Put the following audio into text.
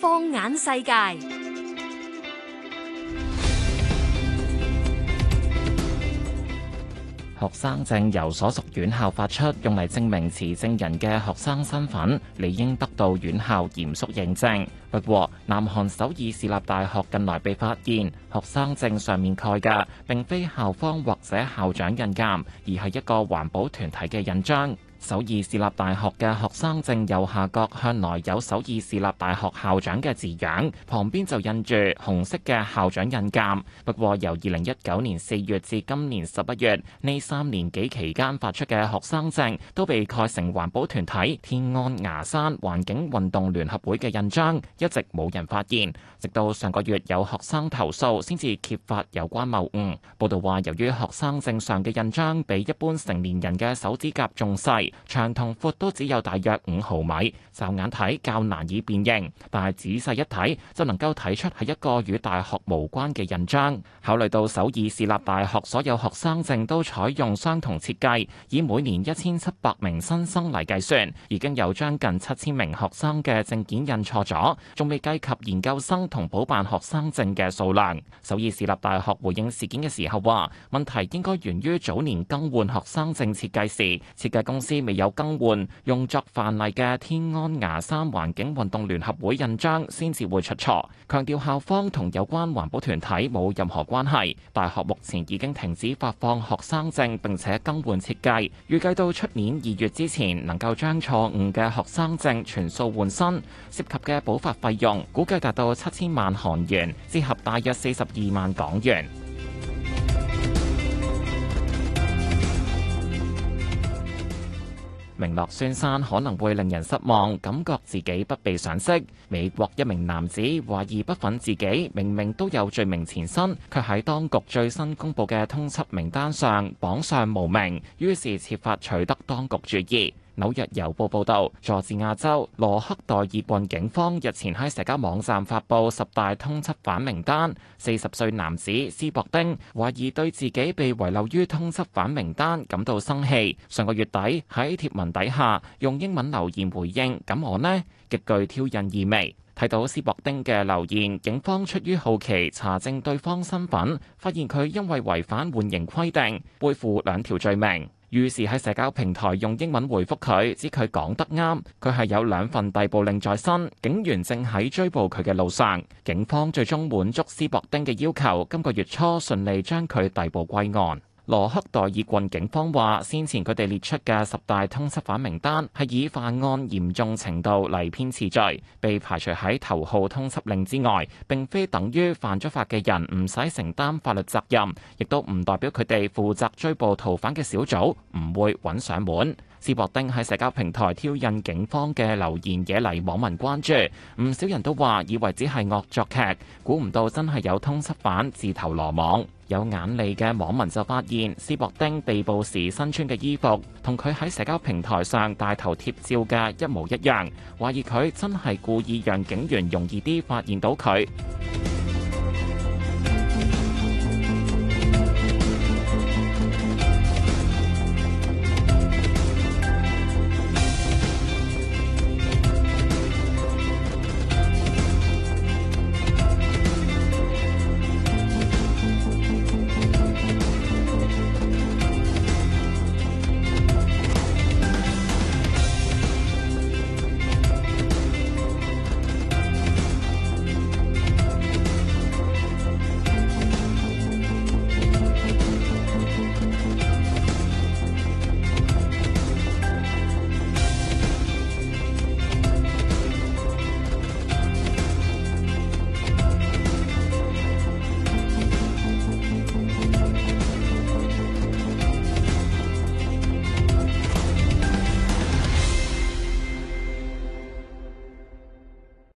放眼世界，學生證由所屬院校發出，用嚟證明持證人嘅學生身份，理應得到院校嚴肅認證。不過，南韓首爾市立大學近來被發現學生證上面蓋嘅，並非校方或者校長印鑑，而係一個環保團體嘅印章。首爾市立大學嘅學生證右下角向來有首爾市立大學校長嘅字樣，旁邊就印住紅色嘅校長印鑑。不過，由二零一九年四月至今年十一月呢三年幾期間發出嘅學生證都被蓋成環保團體天安牙山環境運動聯合會嘅印章，一直冇人發現。直到上個月有學生投訴，先至揭發有關謬誤。報道話，由於學生證上嘅印章比一般成年人嘅手指甲仲細。長同闊都只有大約五毫米，驟眼睇較難以辨認，但係仔細一睇就能夠睇出係一個與大學無關嘅印章。考慮到首爾市立大學所有學生證都採用相同設計，以每年一千七百名新生嚟計算，已經有將近七千名學生嘅證件印錯咗，仲未計及研究生同補辦學生證嘅數量。首爾市立大學回應事件嘅時候話：問題應該源於早年更換學生證設計時，設計公司，未有更換用作範例嘅天安牙山環境運動聯合會印章先至會出錯，強調校方同有關環保團體冇任何關係，大學目前已經停止發放學生證，並且更換設計，預計到出年二月之前能夠將錯誤嘅學生證全數換新，涉及嘅補發費用估計達到七千萬韓元，折合大約四十二萬港元。名落孫山可能會令人失望，感覺自己不被賞識。美國一名男子懷疑不憤自己明明都有罪名前身，卻喺當局最新公布嘅通緝名單上榜上無名，於是設法取得當局注意。紐約郵報報導，佐治亞州羅克代爾郡警方日前喺社交網站發布十大通緝犯名單，四十歲男子斯博丁懷疑對自己被遺漏於通緝犯名單感到生氣。上個月底喺貼文底下用英文留言回應：咁我呢？極具挑釁意味。睇到斯博丁嘅留言，警方出於好奇查證對方身份，發現佢因為違反緩刑規定，背負兩條罪名。於是喺社交平台用英文回覆佢，指佢講得啱，佢係有兩份逮捕令在身，警員正喺追捕佢嘅路上，警方最終滿足斯博丁嘅要求，今個月初順利將佢逮捕歸案。羅克代爾郡警方話，先前佢哋列出嘅十大通緝犯名單，係以犯案嚴重程度嚟編次序，被排除喺頭號通緝令之外，並非等於犯咗法嘅人唔使承擔法律責任，亦都唔代表佢哋負責追捕逃犯嘅小組唔會揾上門。斯博丁喺社交平台挑釁警方嘅留言惹嚟網民關注，唔少人都話以為只係惡作劇，估唔到真係有通緝犯自投羅網。有眼利嘅網民就發現，斯博丁被捕時身穿嘅衣服同佢喺社交平台上大頭貼照嘅一模一樣，懷疑佢真係故意讓警員容易啲發現到佢。